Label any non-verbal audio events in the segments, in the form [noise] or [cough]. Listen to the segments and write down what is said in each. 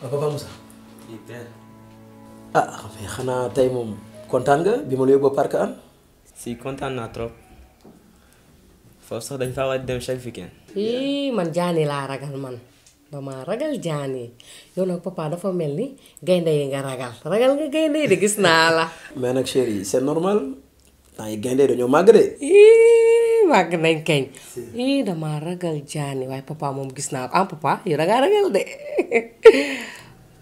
papa Moussa. ah xanaa ya? tey moom kontaan nga bi ma la yóbboo parc am. si kontaan naa trop foofu sax dañ faa dem chaque weekend. ii man jaani laa ragal kan, man dama ragal jaani yow nag papa dafa mel ni gaynde yi nga ragal ragal nga gaynde yi de gis naa la. [laughs] mais nag chérie normal temps nah, yi gaynde dañoo màgg de maknai iya. ih i marah gal jani wai papa mom gisna Ah, papa ya, gara gal de [laughs]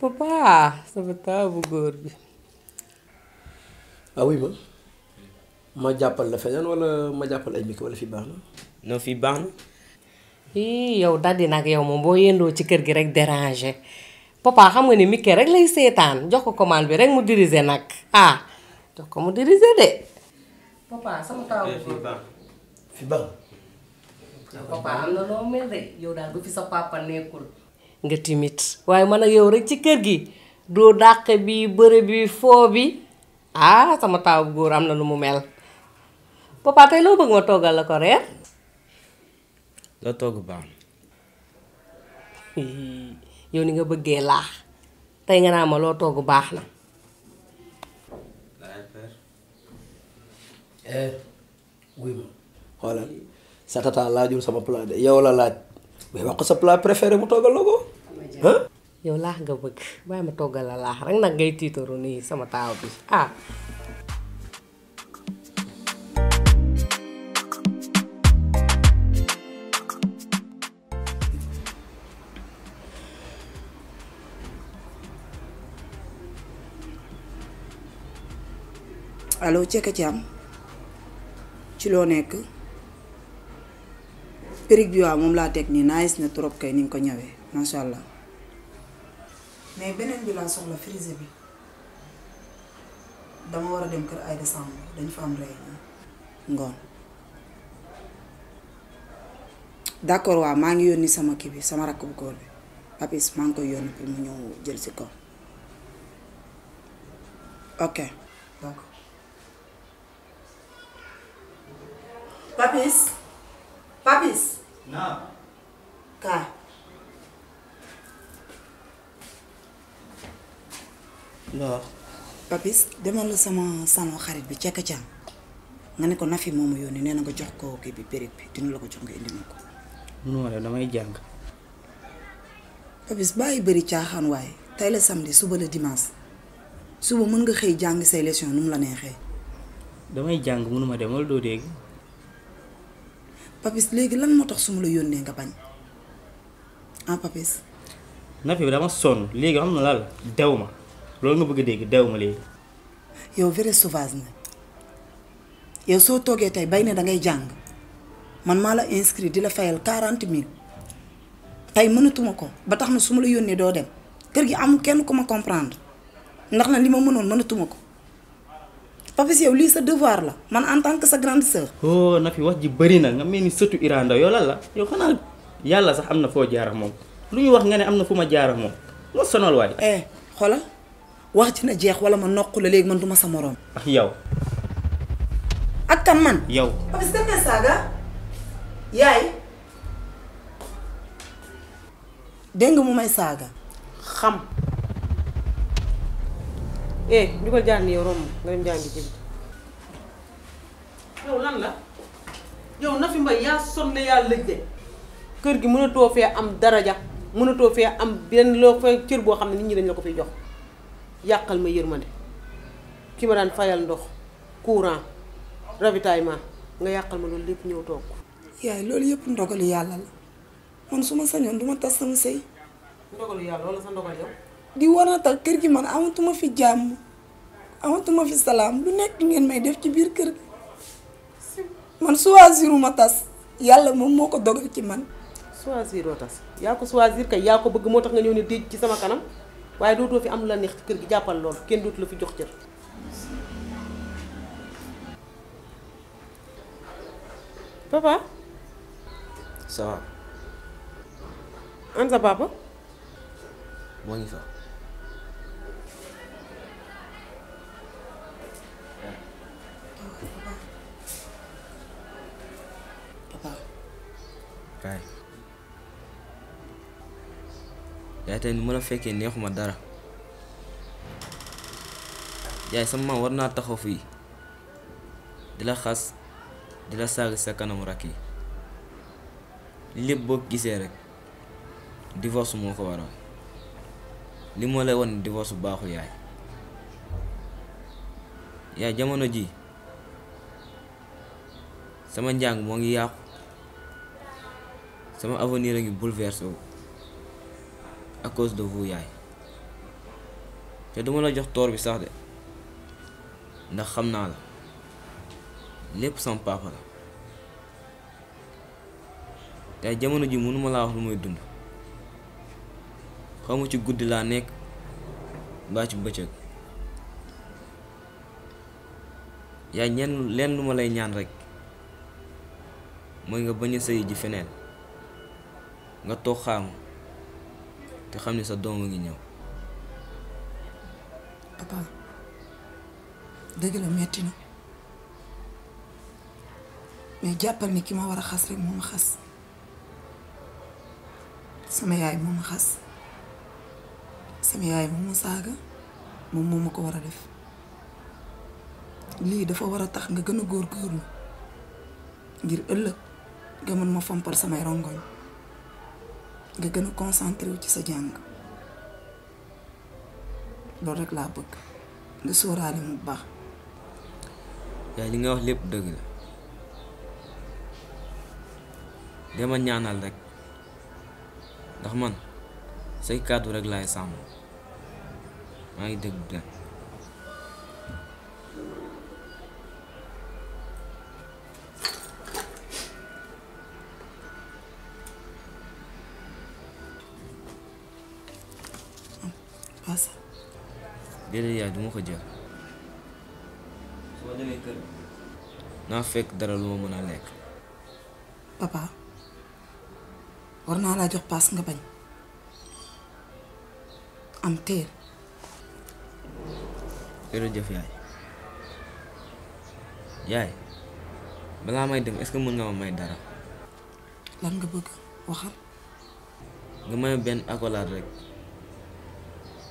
papa sabata bu gor ah ma Majapal jappal wala majapal jappal ay wala fi no fi baxna ya i yow dadi nak yow mom boyin yendo chikir girek deranje. papa kamu ini ni gerek rek lay Joko komal bereng mudiri bi rek ah joko mudiri mu de papa sama bang apa am lo loo mel Yaudah, yow daal papa nekul. nga timit waaye mana ak yow rek gi bi bi ah sama tau gue am na lu mel papa tey lo bëgg korea? toggal la ko reer loo togg baax yow ni nga bëggee laax nga na eh wibu xoolal sa tata laajul sama plat de yow la ya laaj mais wax ko sa plat préféré mu togal la ko yow laax nga bëgg bàyyi ma togal la laax rek nag ngay tiitaru nii sama taaw bi ah allo Ceka Thiam ci perruque bi waaw moom laa teg nii nice na trop kay ni nga ko ñëwee macha allah. mais beneen bi laa soxla frisé bi dama war a dem kër Aïda Samb dañ fa am réunion. ngoon d'accord waaw maa ngi yónni sama kii bi sama rakk bu góor bi papis maa ngi koy yónni pour mu ñëw jël si kaw ok papis Papis. Na. ka, Lo. Papis demal la sama salon xarit bi cekk cam nga ne ko Nafi momu yoni nee na nga jox ko ke bi béréb bi dina la ko jox nga indi ma Nu wala damay jang. Papis bàyyi bëri caaxaan way. Tay la samedi suba le dimanche suba mën nga xey jang say lesion num la nexé. damay jang munuma demal do deg. papis léegi lan moo tax su ma la yónnee nga bañ en ah, papis. Nafi bi dama sonn léegi am na laal dew ma loolu nga bëgg a dégg dew ma léegi. yow vrai sauvage na yow soo toogee tey bay ne da ngay jàng man maa la inscrit di la fayal quarante mille tey mënatuma ko ba tax na su ma la yónnee doo dem kër gi am kenn ku ma comprendre ndax na li ma mënoon mënatuma ko. papa yow lii sa devoir la man en tant que sa grande sœur. oh na fi wax ji bëri na nga mel ni sëtu Iran Ndao yow lan la yow xana yalla sax amna fo jaar ak mom lu ñu wax nga ne amna fuma jaar ak mom moo sonol way eh xola wax ci na jeex wala ma nokku la leg man duma sa morom. ak ah, yow. ak kan man. yow papa kan nga saga yaay. deng mu may saga xam. eh jugal jàngi yow romb nga dem jàngi ji yow lan la yow na fi mbay yaa sonn yaa lëj de kër gi mënatoo fee am daraja mënatoo fee am benn loo fee cër boo xam ne nit ñi dañ la ko fiy jox yàqal ma yërmande ki ma daan fayal ndox courant ravitaillement nga yàqal ma loolu lépp ñëw toog. yaay loolu yëpp ndogalu yàlla la man su ma sañoon du ma tas sama sëy. ndogalu yàlla wala sa ndogal yow. di war a tax kër gi man amatuma fi jàmm amatuma fi salaam lu nekk ngeen may def ci biir kër man choisiruma tas yàlla moom moo ko dogal ci man. choisiroo tas yaa ko choisir kay yaa ko bëgg moo tax nga ñëw ne déj ci sama kanam waaye dootoo fi am la neex ci kër gi jàppal loolu kenn dootu la fi jox cër. papa. ça va. papa. moo ngi fa. Ya يعتنمونا فكي نيخ مدارة yaay sama man war naa taxaw fii di la xas di la saaga sa kanamu rakk yi lépp boo rek divorce moo waral li moo lay wan divorce baaxul yaay Ya jamono ji sama njàng moo ngi yàqu ya sama avenir ngi bouleversé wu à cause de vous yaay té dama la jox tor bi sax dé ndax xamna la lepp sama papa la té jamono ji mënuma la wax lu moy dund xamu ci goudi la nek ba ci beccëk ya ñen len luma lay ñaan rek moy nga bañ sey ji fenen nga to xam te xam ni sa doom ngi ñëw papa dëgg la metti na mais jàppal ni ki ma war a xas rek moo ma xas sama yaay moo ma xas sama yaay moo ma saaga moom moo ma ko war a def lii dafa war tax nga gën a ngir ëllëg nga ma fompal samay rongoñ nga gën concentré wu ci sa jang lool rek laa bëgg nga sóoraale mu baax yaay li nga wax lépp dëgg la dama ñaanal rek ndax man say kàddu rek laay sàmm maa ngi dégg dem Selasa. Dia dari ya, dulu kerja. Semuanya ikut. Nafek dari rumah mana lek? Papa, orang ala jok pas ngapain? Amtir. Kira jauh ya? Ya, belama itu, es kamu nggak mau main darah? Lan gebuk, wah. Gemanya main ben aku lari.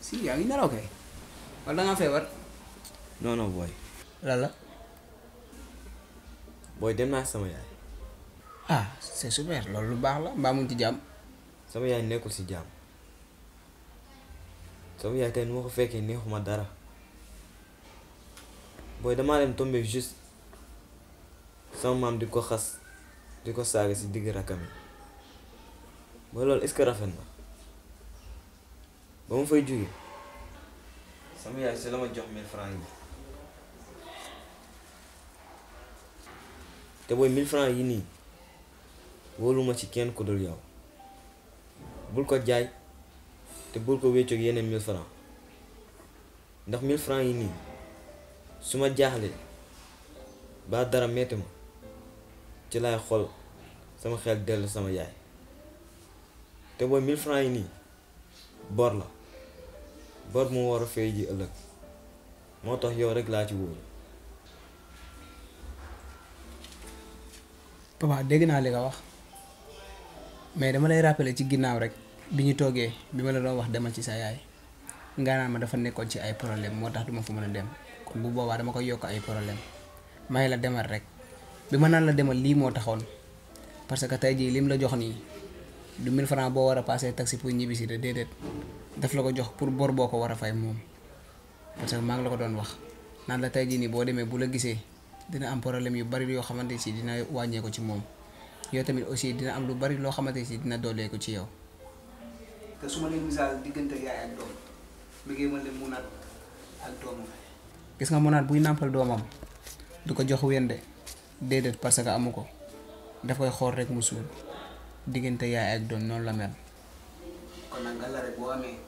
si yaa ngi nelaw kay wala da ngaa feebar boy, no booy lan la boy dem naa sama ah, ya, ah c'est super lo lu baax la mbaa jam. ngi ci jàmm sama si jam, sama ya tey nu ma ko fekkee dara boy damaa dem tombe juste sama mam di ko xas di ko saaga si digg rakkam yi est-ce que ba ma fay jóge sama yaay si la ma jox mille francs yi te booy mille francs yi nii woluma ci kenn ku dul yow bul ko jaay te bul ko wéccoog yeneen mille francs ndax mille francs yi nii su ma jaaxlee ba dara metti ma ci lay xol sama xel dellu sama yaay te booy mille francs yi nii bor la bor mu war a fay ji ëllëg moo tax yow rek laa ci wóor. papa dégg naa li nga wax mais dama lay rappeler ci ginnaaw rek bi ñu toogee bi ma la doon wax demal ci sa yaay nga naan ma dafa nekkoon ci ay problème moo tax duma fa mën dem kon bu boobaa dama koy yokk ay problème may la demal rek bi ma naan la demal lii moo taxoon parce que tey jii lim la jox nii du 1000 francs boo war a passé taxi pour ñibbisi de déedéet daf la ko jox pour bor boo ko war a fay moom parce que maa ngi la ko doon wax naan la tey jii nii boo demee bu la gisee dina am problème yu bari yoo xamante si dina ko ci moom yow tamit aussi dina am lu bari loo xamante si dina dooleeku ci yow. te suma ma leen misaal diggante yaay ak doom mi ngi mën leen munaat ak doomam. gis nga munaat buy nàmpal doomam du ko jox wende déedéet parce que amu ko daf koy xool rek mu suul diggante yaay ak doom noonu la mel. kon nag nga la rek boo amee.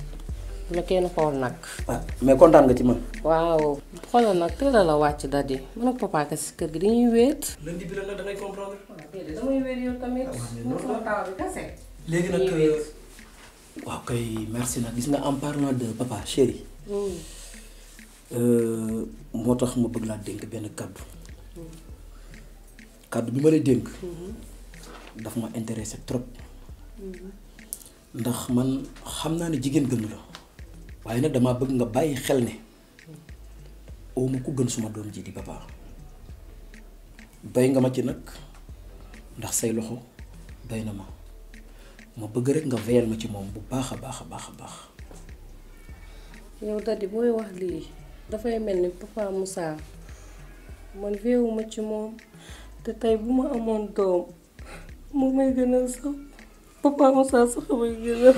la kenn xool nag. waaw mais contane nga ci man. waaw xolal nak teel a la wacc da di man ko papa ka ci keur gi dañuy wéet. lundi bi la da ngay comprendre. waaw damay wéet yow tamit. ko léegi nak waaw kay merci nak gis nga en parlant de papa chéri. euh motax ma bëgg la dénk ben cadeau cadeau bi ma lay dénk. daf ma intéressé trop. ndax man xamna ni jigen jigéen la waaye nag dama bëgg nga bàyyi xel ne oo ma ku gën suma doom ji di Papa bay nga ma ci nag ndax say loxo doy na ma ma bëgg rek nga veyal ma ci moom bu baax a baax baax yow daddi booy wax lii dafay mel ni Papa musa. man wéewuma ci moom te tey bu ma amoon doom may sax Papa Moussa sax may gënal.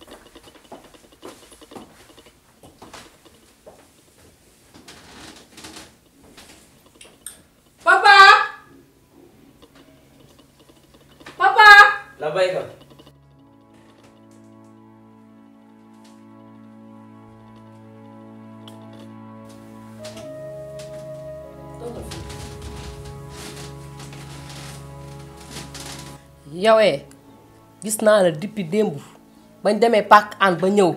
yowee eh, gis na la depuis dembu bañ démé pak an ba ñew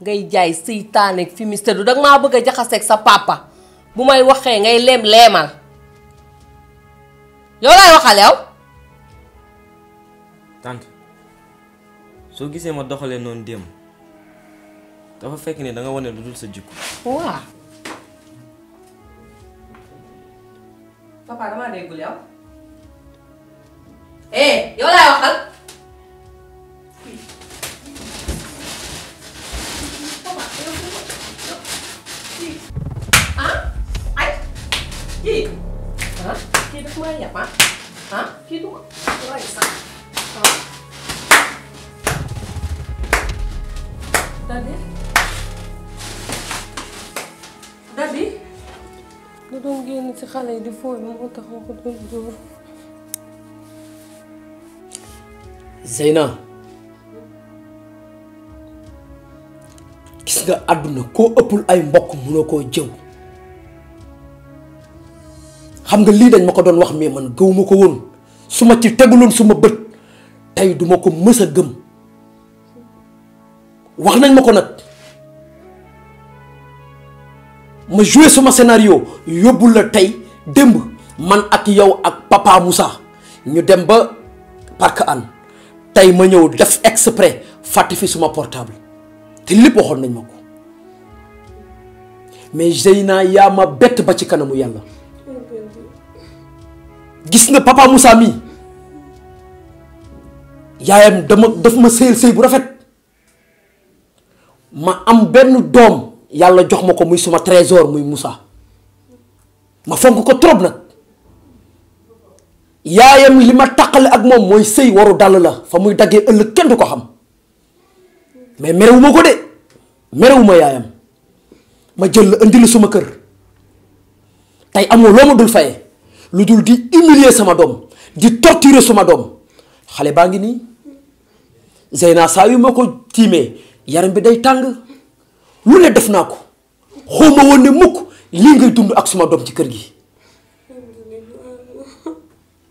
ngay jaay ak fi mister du dag ma bëgg a ak sa papa bu may waxé ngay leem leemal yow lay waxal yow. tante so gisé ma doxalee noonu démb dafa fekk ne da nga woné lu sa jikko. waaw. papa damaa yow. eh yow laay waxal. ah ay kii ah kii daf maa yab ah ah kii du ma waaye sax ah. Daddy Daddy. da doon génn ci xale yi di fooy moo tax ma ko doon dóor. Zeyna gis nga àdduna koo ëppul ay mbokk munoo koo jëw xam nga lii dañ ma ko doon wax mais man gëw ma ko woon su ma ci teguloon suma bët tey duma ko mësa a gëm wax nañ ma ko nag ma joué suma scénario yóbbul la tey dëmb man ak yow ak papa Moussa ñu dem ba parc an tay ma ñew def exprès fàtte fi suma portable té lépp waxon nañ ma mais jeyna ya ma bet ba ci kanamu yalla gis nga papa Moussa mi. yaayam dama daf ma sëyal sëy bu rafet ma am benn doom yalla jox mako muy suma trésor muy Moussa ma fonk ko trop nak yaayam li ma taqale ak moom mooy sëy waru dàll la fa muy daggee ëllëg kenn du ko xam mais merewuma ko de merewuma yaayam ma jël la indi suma kër tey amul loo ma dul faye lu dul di humilier sama doom di torturer suma doom xale baa ngi nii Zeyna saa yu ma ko tiimee yaram bi day tàng lu ne def naa ko xaw ma woon ne mukk lii ngay dund ak suma doom ci kër gi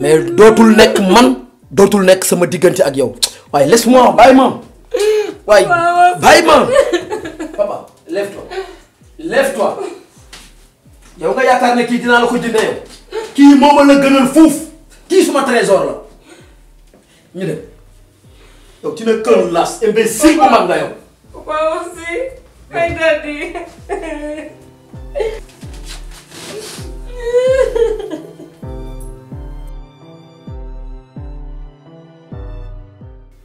mais dootul man dootul nek sama diggante ak yow waaye laisse-moi bàyyi man. waaye bàyyi man. papa lève-toi lève-toi yow nga yaakaar ne kii dina la ko jëndee yow kii moom la gënal fouf kii suma trésor la ñu dem yow tu n'es qu'un las imbécile bu mag nga yow. aussi ay dadi. [laughs]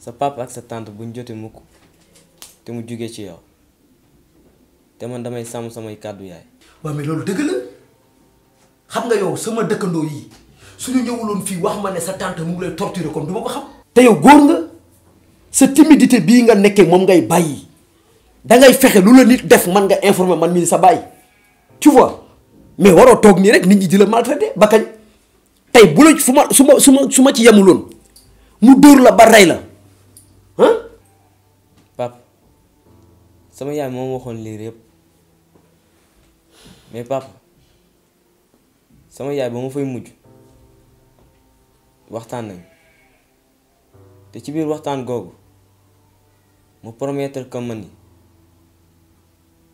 sa papa ak sa tante buñ jotee mukk té mu juggé ci yow té man damay sam samay cadeau yaay. wa mais loolu dëgg la xam nga yow sama dekkando yi suñu ñëwuloon fi wax ma né sa tante mu ngi lay torturer comme duma ko xam. té yow góor nga sa timidité bi nga nekké mom ngay bayyi da ngay fexé lu la nit def man nga informer man mi sa bàyyi tu vois mais waro tok ni rek nit ñi di la maltraité ba tay bu la fu suma suma ci yamulon mu la ba ray la. pap sama yaay moom waxoon liir yëpp mais papa sama yaay ba ma fay mujj waxtaan nañ te ci biir waxtaan googu mu promettre que man ni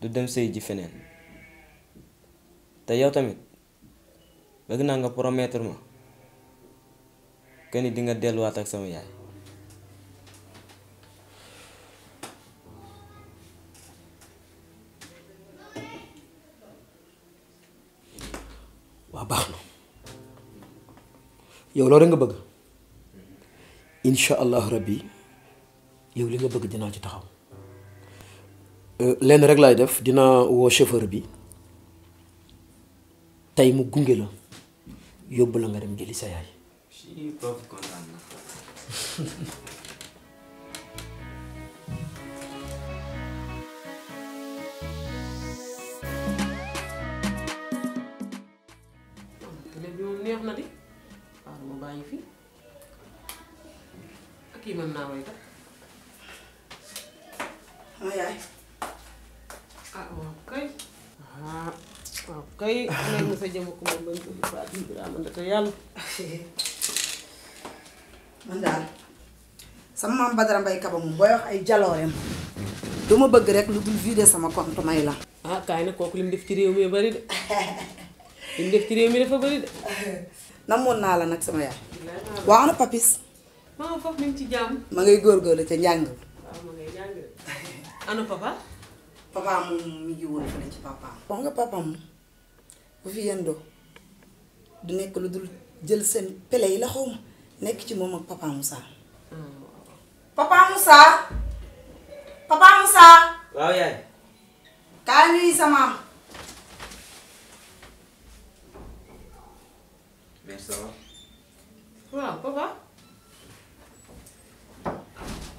du dem sëy ji feneen te yow tamit bëgg naa nga promettre ma que ni di delluwaat ak sama yaay. يو لورنغ بغ ان شاء الله ربي يو لينغ بغ دينا جي تاخو لين رك لاي ديف دينا و شوفور بي تاي مو غونغي لا يوب لا نغا ديم جيلي ساي اي neex baa ngi fi ak kii mën naa way kat. sama yaay. ah waaw ah waaw kay. léegi nga sa jëm ak [laughs] man daal sama maam Badara booy wax ay jalooreem du bëgg rek lu dul vider sama compte may la. ah kaay na kooku li mu def ci réew mi bari de [laughs] li mu def ci réew mi dafa bari de. [laughs] namoon naa la nag sama yaay. waaw ana papis. maman ci jàmm. ma ngay góorgóorlu ca njàng. waaw ma papa. papa wax nga papam bu fi yendoo du nekk lu dul jël seen pele yi la xaw nekk ci moom ak papa Moussa. papa papa Moussa. waaw kaa ñuy sa maam. Bien, ça va Voilà, papa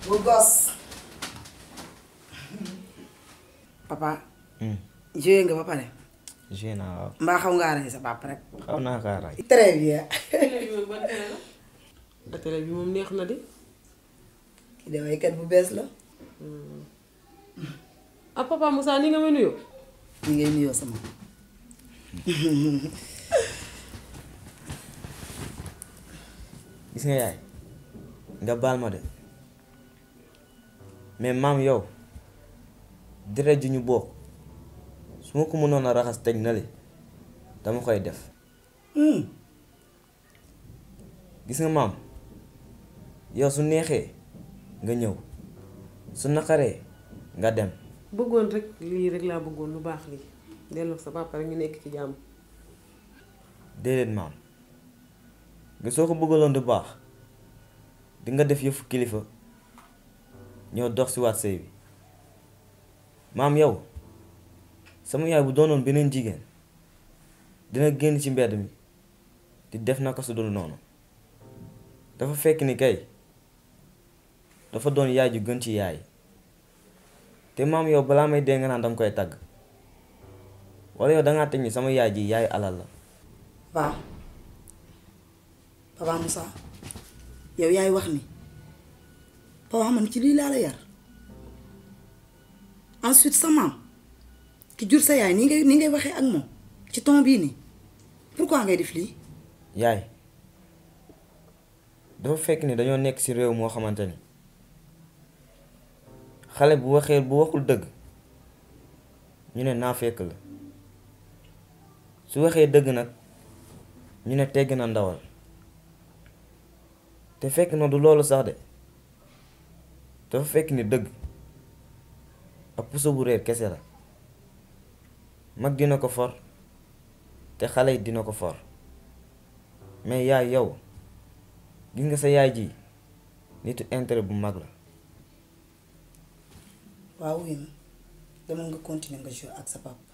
Beau hmm. gosse. papa. joué nga ba pare. joué naa waaw. mbaa xaw ngaa rey sa papa rek. xaw naa kaa rey. très bien. atelier bi moom neex na de. kii de waykat bu bees la. ah hmm. papa Moussa ni nga ma sama. [laughs] gis nga yaay nga baal ma de mais maam yow deret ji ñu bokk su ma ko mënoon a raxas teg na li dama koy def hmm. gis nga maam yow su neexee nga ñëw su naqaree nga dem bëggoon rek lii rek laa bëggoon lu baax lii delloo sa papa rek nekk ci jàmm déedéet maam nga soo ko bëggaloon du baax dinga def yëfu kilifa ñoo dox si waat sëy bi maam yow sama yaay bu doonoon beneen jigéen dina génn ci mbedd mi di def naka su dul noonu dafa fekk ni kay dafa doon yaay ju gën ci yaay te maam yow balaa may dee nga naan danga koy tagg walla yow dangaa teg ni sama yaay ji yaay alal la papa Moussa yow yaay wax ni papa man ci lii laa la yar ensuite sa maam ki jur sa yaay ni ngay ni ngay waxee ak moom ci ton bii nii pourquoi ngay def lii. yaay dafa fekk ni dañoo nekk ci réew moo xamante ni xale bu waxee bu waxul dëgg ñu ne naa fekk la su waxee dëgg nag ñu ne tegg na ndawal. te fekk na du loolu sax de dafa fekk ni dëgg ab puso bu réer kese la mag dina ko for te xale yi dina ko for mais yaay yow gi nga sa yaay ji nitu intérêt bu mag la waaw wuy ma nga continue nga jouer ak sa papa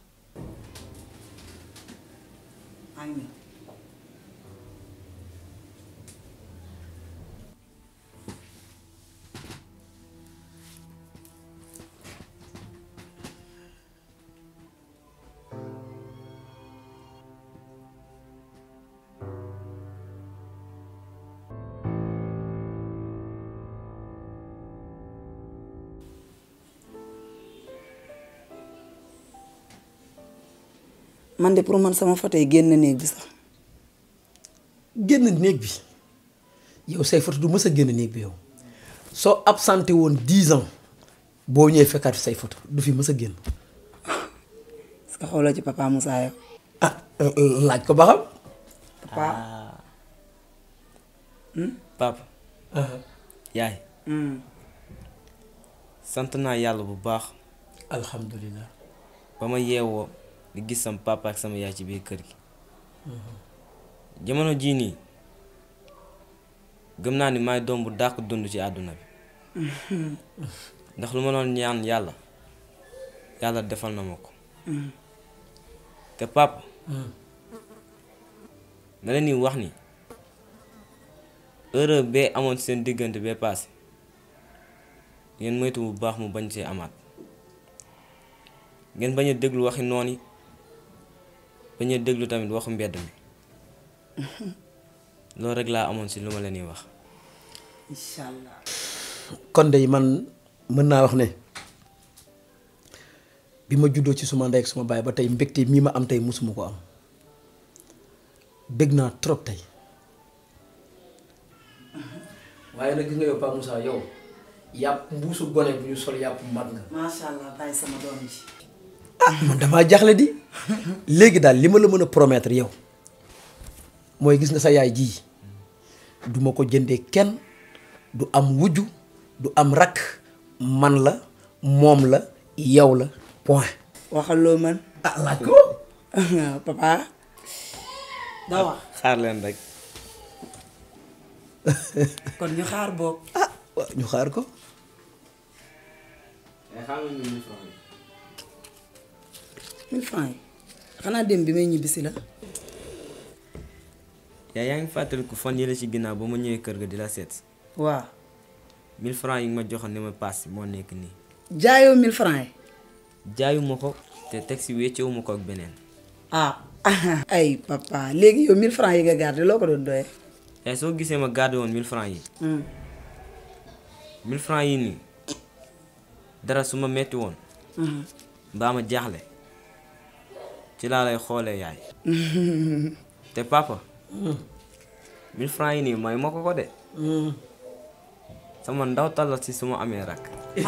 man de pour man sama photo yi génn néeg bi sax. génn néeg bi yow say photo du mës a génn néeg bi yow soo absenté woon dix ans boo ñëwee fekkaat fi say photo du fi mës a génn. est-ce que ci papa Moussa yow. ah euh, euh, laaj ko ba xam. papa ah. hmm? ah. yaay. Hmm. sant naa yàlla bu baax. alhamdulilah. ba ma yeewoo. di gis sama pàpp ak sama yaay ci biir kër gi mhm. jamono jii nii gëm naa ni may doom bu dàq dund ci àdduna bi mhm. ndax lu ma doon ñaan yàlla yàlla defal na ma ko mhm. te papa na leen wax ni erreur bee amoon seen diggante bee paase ngeen moytu bu baax mu bañ see amaat ngeen bañ a déglu waxi noon bañu déglu tamit waxu mbedd mi loolu rek laa amoon si lu ma leen wax. inshallah allah. kon day man mën naa wax ne bi ma juddoo ci suma ndey ak suma baye ba tey mbégte mii ma am tey musuma ko am bég naa trop tey. waaye nag gis nga yow pa Moussa yow yàpp mbuusu gone bu ñu sol yàpp mag nga. macha allah bàyyi sama doom ji. ah man damaa jaaxle di. léegi daal li ma la mën a promettre yow mooy gis nga sa yaay ji duma ko jënde kenn du am wujju du am rakk man la moom la yow la point. waxal loo man ah laaj ko. [laughs] papa. daa xaar leen rek. [laughs] kon ñu xaar boobu. ah ñu xaar ko. xanaa dem bi may ñibbisi la. yaa yaa ngi ku fan yële ci ginnaaw ba ma ñëwee kër ga di la seet. waaw. 1000 francs yi ma joxoon ni ma paas moo nekk nii. jaayu 1000 francs yi. jaayu ma ko te teg si wéccewu ma ko ak beneen. ah. [laughs] ay papa léegi yow 1000 francs yi nga gardé loo ko doon doyee. yaay soo gisee ma gardé woon 1000 francs yi. 1000 hmm. francs yi nii dara su ma metti woon. Hmm. mbaa ma jaaxle. ci laa lay xoolee yaay. [laughs] te papa. 1000 hmm. francs yi nii mooy ma ko ko de. Hmm. sama ndaw tal la si suma amee rak. [laughs]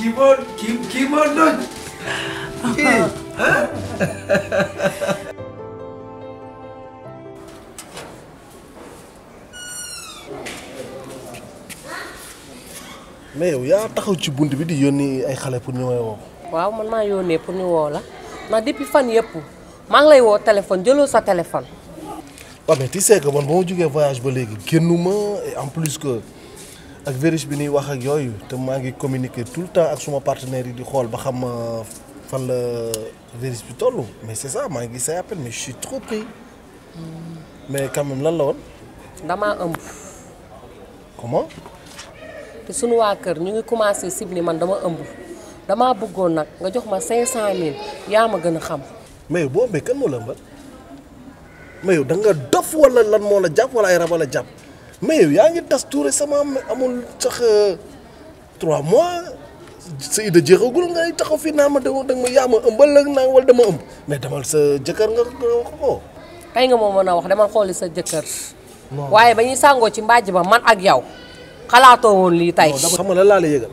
kii moo kii moo doon. [laughs] mais yow yaa taxaw ci bunt bi di yónni ay xale pour ñu may woo. waaw man maa yónnee pour ñu woo la ndax depuis fan yëpp maa ngi lay woo téléphone jëloo sa téléphone. waaw mais tu sais que man ba ma jógee voyage ba léegi génnuma et en plus que ak virus bi ñuy wax ak yooyu te maa ngi communiquer tout le temps ak suma partenaire yi di xool ba xam euh, fan la virus bi toll mais c'est ça maa ngi say appel mais je suis trop pris mais quand même lan la woon. dama ëmb. comment. te sunu waa kër ñu ngi commencé sib man dama ëmb. damaa bëggoon nag nga jox ma 500000 yaa ma gën a xam. mais boo amee kan moo la ëmbal mais yow dof wala lan moo la jàpp wala ay rab la jàpp mais yaa ngi tas tuure sama amul sax 3 euh, mois. sëy da jeexagul ngay taxaw fii naa ma da nga ma yaa ma ëmbal la naa wala dama ëmb mais demal sa jëkkër nga wax ko. tey nga moo mën a wax dama xooli sa jëkkër. waaye ba ñuy sàngoo ci mbaaj ba man ak yow xalaatoo woon lii tey. xam nga la laa la yëgal.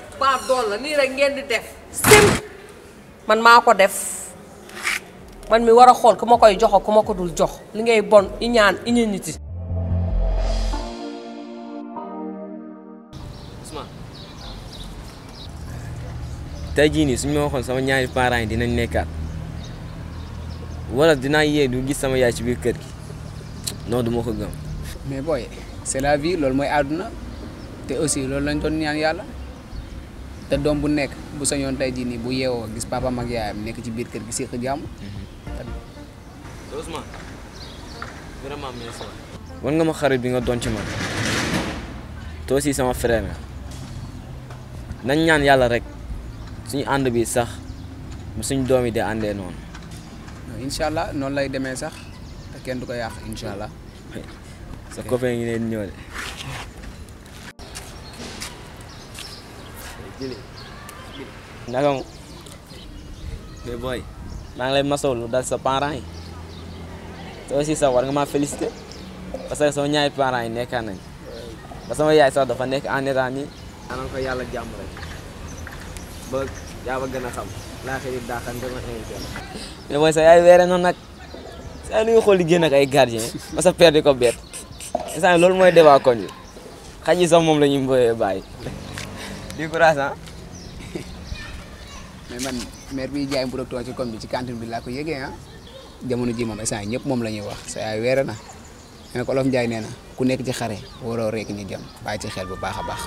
baa dool la nii rek ngeen di def sim man maa ko def man mi war a xool ku ma koy joxo ku ma ko dul jox li ngay bon iñaan iñu niti tey jii nii suñu ma waxoon sama ñaari parent yi dinañ nekkaat walla dinaa yee du gis sama yaay ci biir kër gi non du ko gëm mais booy c'est la vie loolu mooy àdduna te aussi loolu lañ doon ñaan yàlla te dom bu nek bu sañoon tay ji ni bu yewo gis papa mak yaay nek ci biir kër gi séq jàmm. ma vraiment merci. won nga ma xarit bi nga don ci man to si sama frère nga nañ ñaan yalla rek suñu and bi sax suñu domi de andé non inshallah non lay démé sax te kenn du ko sa copain ñi leen ñëw naka mu. maa ngi lay masawu dal sa parents yi te aussi war nga maa félicité parce que sama ñaari parents yi nekkaan nañ ba sama yaay sax dafa nekk en état nii. maanaam ko yàlla jàmm rek yaa ba gën a xam laa xëy daaxaan dama invité mais booy sa yaay weere nag saa yu xool di génn ak ay gardien ma sa père di loolu mooy débat koñ moom la ñuy mboyee mais man maire bi jaay bu ak tooy ci koñ bi ci cantine bi laa ko yëgee ah jamono ji moom instant ñëpp moom la ñuy wax sa yaay weere na ne ko Olof Njaay nee na ku nekk ci xare waroo rekk ñu jëm bàyyi ci xel bu baax a baax